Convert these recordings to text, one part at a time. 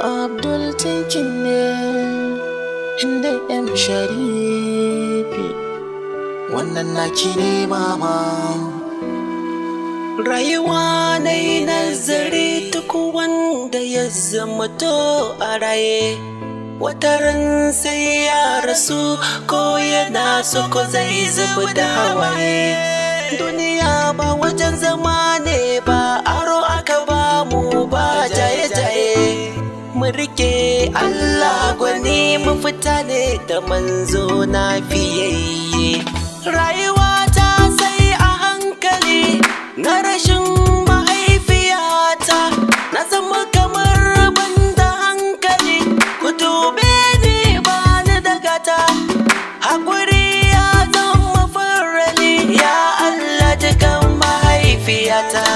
abdul tinkin ne inda yan sharifi wannan na ne mama rayuwa na yi nazari duk wanda ya zama to a raye wataran sai ya rasu ko yana so ko zai zubu da hawaye duniya ba wajen zama ne ba a rike Allah gwani mun fita ne da manzo na fiyayye rayuwa ta sai a hankali na rashin mahaifiyata na zama kamar rabin da hankali ku dube ni ba ni da gata Haƙuri ya zama farali ya Allah jikan mahaifiyata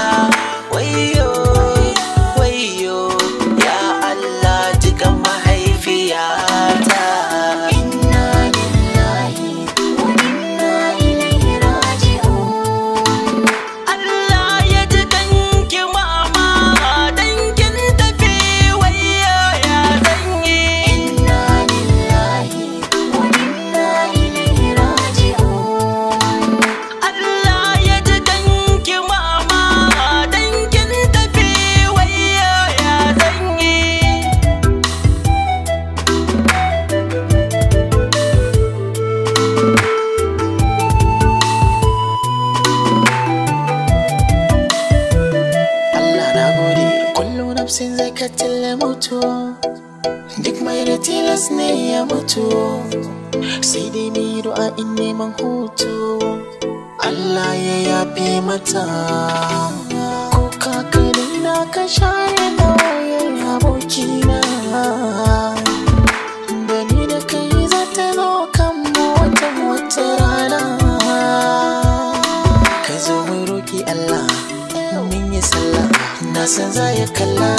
sai zai ka tilla mutu duk mai da tilas ne ya mutu sai dai ru'a in neman hutu Allah ya yafe mata ko kakanni na ka share san za ya kalla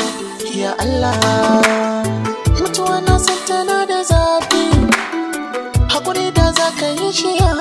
ya Allah mutuwa na san da zafi hakuri da za ka yi shi ya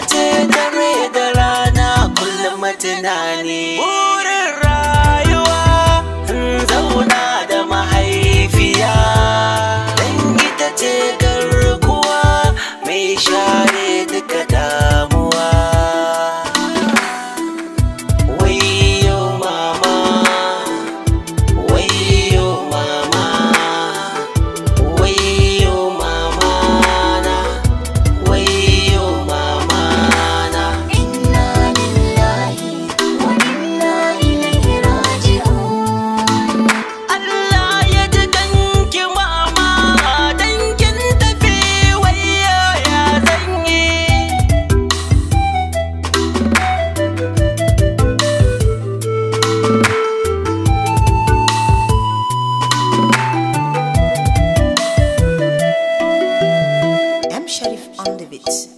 ce dare da rana kullum tunani. on the beach.